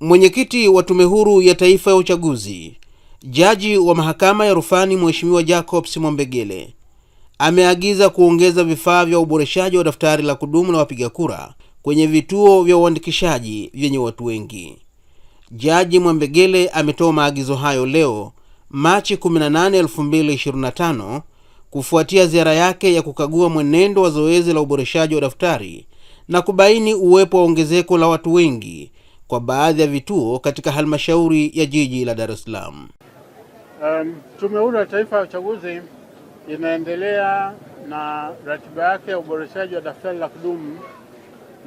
Mwenyekiti wa Tume Huru ya Taifa ya Uchaguzi, jaji wa mahakama ya rufani Mheshimiwa Jacob Simombegele ameagiza kuongeza vifaa vya uboreshaji wa daftari la kudumu la wapiga kura kwenye vituo vya uandikishaji vyenye watu wengi. Jaji Mwambegele ametoa maagizo hayo leo Machi 18, 2025 kufuatia ziara yake ya kukagua mwenendo wa zoezi la uboreshaji wa daftari na kubaini uwepo wa ongezeko la watu wengi kwa baadhi ya vituo katika halmashauri ya jiji la Dar es Salaam. Um, Tume Huru ya Taifa ya Uchaguzi inaendelea na ratiba yake ya uboreshaji wa daftari la kudumu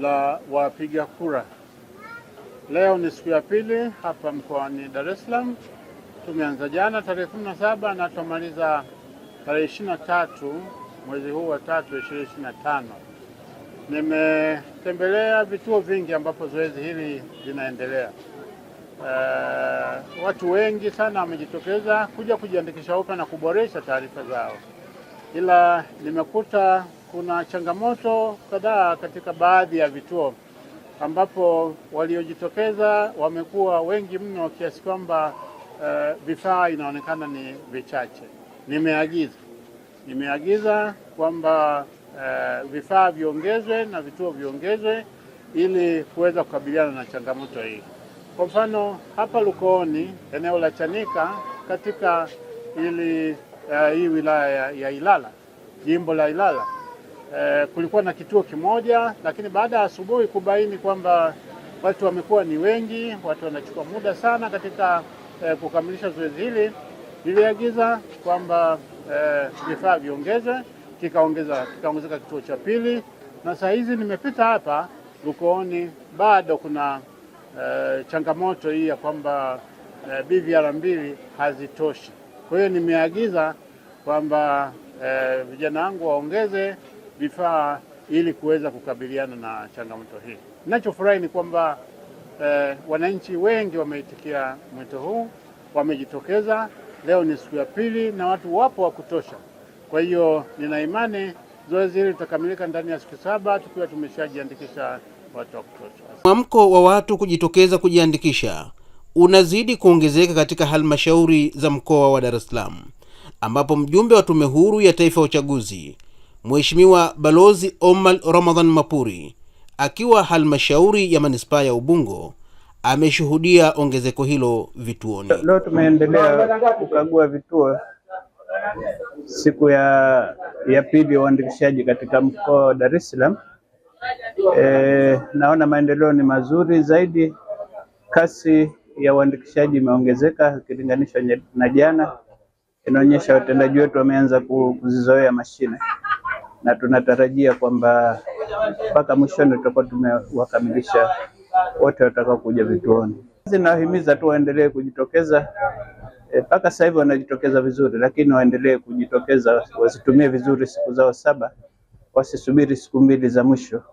la wapiga kura. Leo ni siku ya pili hapa mkoani Dar es Salaam. Tumeanza jana tarehe 17 na tumaliza tarehe 23 mwezi huu wa 3 2025. Nimetembelea vituo vingi ambapo zoezi hili linaendelea. Uh, watu wengi sana wamejitokeza kuja kujiandikisha upya na kuboresha taarifa zao, ila nimekuta kuna changamoto kadhaa katika baadhi ya vituo ambapo waliojitokeza wamekuwa wengi mno kiasi kwamba uh, vifaa inaonekana ni vichache. Nimeagiza nimeagiza kwamba uh, vifaa viongezwe na vituo viongezwe ili kuweza kukabiliana na changamoto hii. Kwa mfano hapa Lukooni, eneo la Chanika katika ili uh, hii wilaya ya, ya Ilala, jimbo la Ilala uh, kulikuwa na kituo kimoja, lakini baada ya asubuhi kubaini kwamba watu wamekuwa ni wengi, watu wanachukua muda sana katika uh, kukamilisha zoezi hili, liliagiza kwamba vifaa uh, viongezwe kikaongezeka kituo cha pili, na saa hizi nimepita hapa Lukooni, bado kuna uh, changamoto hii ya kwamba uh, eh, BVR mbili hazitoshi. Kwa hiyo nimeagiza kwamba uh, vijana wangu waongeze vifaa ili kuweza kukabiliana na changamoto hii. Ninachofurahi ni kwamba uh, wananchi wengi wameitikia mwito huu, wamejitokeza. Leo ni siku ya pili na watu wapo wa kutosha. Kwa hiyo nina imani zoezi hili litakamilika ndani ya siku saba tukiwa tumeshajiandikisha watu wa kutosha. Mwamko wa watu kujitokeza kujiandikisha unazidi kuongezeka katika halmashauri za mkoa wa Dar es Salaam, ambapo mjumbe wa Tume Huru ya Taifa ya Uchaguzi Mheshimiwa Balozi Omar Ramadhan Mapuri akiwa halmashauri ya manispaa ya Ubungo ameshuhudia ongezeko hilo vituoni. Leo tumeendelea kukagua vituo siku ya, ya pili ya uandikishaji katika mkoa wa Dar es Salaam. E, naona maendeleo ni mazuri zaidi. Kasi ya uandikishaji imeongezeka ikilinganishwa na jana, inaonyesha watendaji wetu wameanza kuzizoea mashine na tunatarajia kwamba mpaka mwishoni tutakuwa tumewakamilisha wote watakao kuja vituoni. Zinawahimiza tu waendelee kujitokeza mpaka sasa hivi wanajitokeza vizuri, lakini waendelee kujitokeza, wasitumie vizuri siku zao saba, wasisubiri siku mbili za mwisho.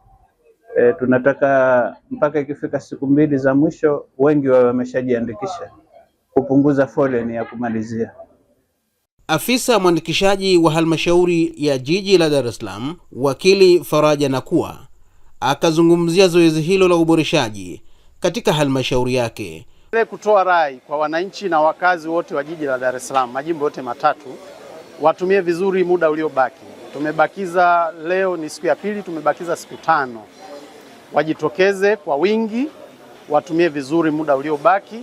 E, tunataka mpaka ikifika siku mbili za mwisho wengi wao wameshajiandikisha kupunguza foleni ya kumalizia. Afisa mwandikishaji wa halmashauri ya jiji la Dar es Salaam wakili Faraja Nakua akazungumzia zoezi hilo la uboreshaji katika halmashauri yake Niendelee kutoa rai kwa wananchi na wakazi wote wa jiji la Dar es Salaam, majimbo yote matatu, watumie vizuri muda uliobaki. Tumebakiza, leo ni siku ya pili, tumebakiza siku tano. Wajitokeze kwa wingi, watumie vizuri muda uliobaki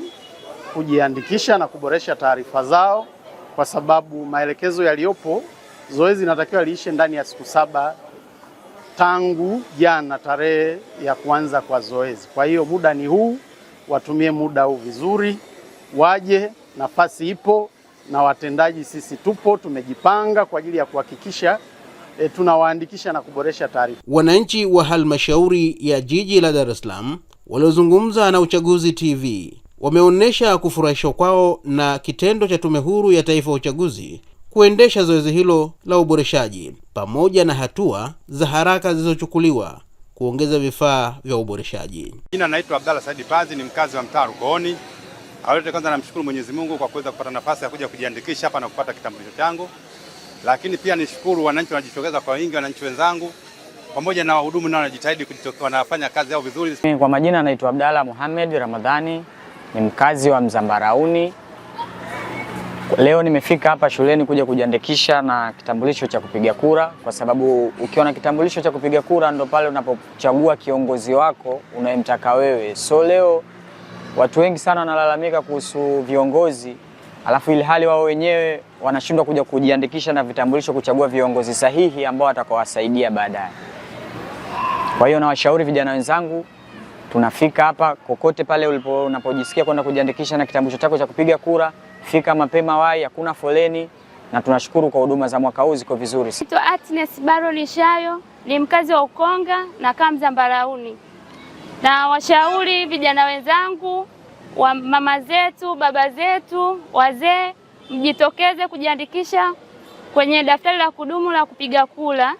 kujiandikisha na kuboresha taarifa zao, kwa sababu maelekezo yaliyopo, zoezi linatakiwa liishe ndani ya siku saba tangu jana, tarehe ya kuanza kwa zoezi. Kwa hiyo muda ni huu watumie muda huu vizuri, waje, nafasi ipo na watendaji sisi tupo, tumejipanga kwa ajili ya kuhakikisha e, tunawaandikisha na kuboresha taarifa. Wananchi wa halmashauri ya jiji la Dar es Salaam waliozungumza na Uchaguzi TV wameonyesha kufurahishwa kwao na kitendo cha Tume Huru ya Taifa ya Uchaguzi kuendesha zoezi hilo la uboreshaji pamoja na hatua za haraka zilizochukuliwa kuongeza vifaa vya uboreshaji. Jina naitwa Abdalla Saidi Pazi, ni mkazi wa mtaa Rukooni. Awali kwanza namshukuru Mwenyezi Mungu kwa kuweza kupata nafasi ya kuja kujiandikisha hapa na kupata kitambulisho changu, lakini pia nishukuru wananchi wanajitokeza kwa wingi, wananchi wenzangu pamoja na wahudumu nao wanajitahidi, wanafanya kazi yao vizuri. Kwa majina anaitwa Abdalla Muhammad Ramadhani, ni mkazi wa Mzambarauni. Leo nimefika hapa shuleni kuja kujiandikisha na kitambulisho cha kupiga kura, kwa sababu ukiwa na kitambulisho cha kupiga kura ndo pale unapochagua kiongozi wako unayemtaka wewe. So leo watu wengi sana wanalalamika kuhusu viongozi, alafu ili hali wao wenyewe wanashindwa kuja kujiandikisha na vitambulisho kuchagua viongozi sahihi ambao watakowasaidia baadaye. Kwa hiyo nawashauri vijana wenzangu, tunafika hapa kokote pale ulipo unapojisikia kwenda kujiandikisha na kitambulisho chako cha kupiga kura fika mapema, wai, hakuna foleni, na tunashukuru kwa huduma za mwaka huu ziko vizuri. Atnes Baroni Shayo ni mkazi wa Ukonga na kaa Mzambalauni, na washauri vijana wenzangu wa mama zetu, baba zetu, wazee, mjitokeze kujiandikisha kwenye daftari la kudumu la kupiga kula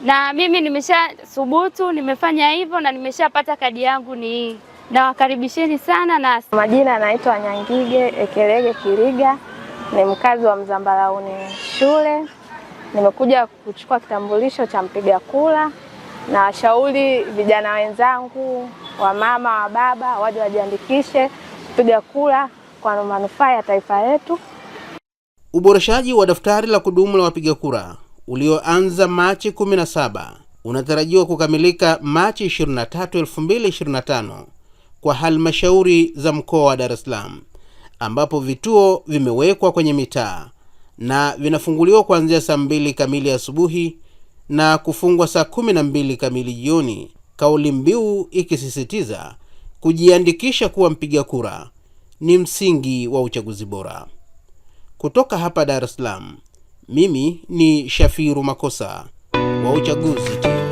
na mimi nimesha thubutu, nimefanya hivyo na nimeshapata kadi yangu ni hii. Nawakaribisheni sana na majina, anaitwa Nyangige Ekelege Kiriga, ni mkazi wa Mzambalauni shule. Nimekuja kuchukua kitambulisho cha mpiga kura na washauri vijana wenzangu wa mama wa baba waje wajiandikishe kupiga kura kwa manufaa ya taifa letu. Uboreshaji wa daftari la kudumu la wapiga kura ulioanza Machi 17 unatarajiwa kukamilika Machi 23, 2025 kwa halmashauri za mkoa wa Dar es Salaam ambapo vituo vimewekwa kwenye mitaa na vinafunguliwa kuanzia saa mbili kamili asubuhi na kufungwa saa kumi na mbili kamili jioni, kauli mbiu ikisisitiza kujiandikisha kuwa mpiga kura ni msingi wa uchaguzi bora. Kutoka hapa Dar es Salaam, mimi ni Shafiru Makosa wa Uchaguzi tini.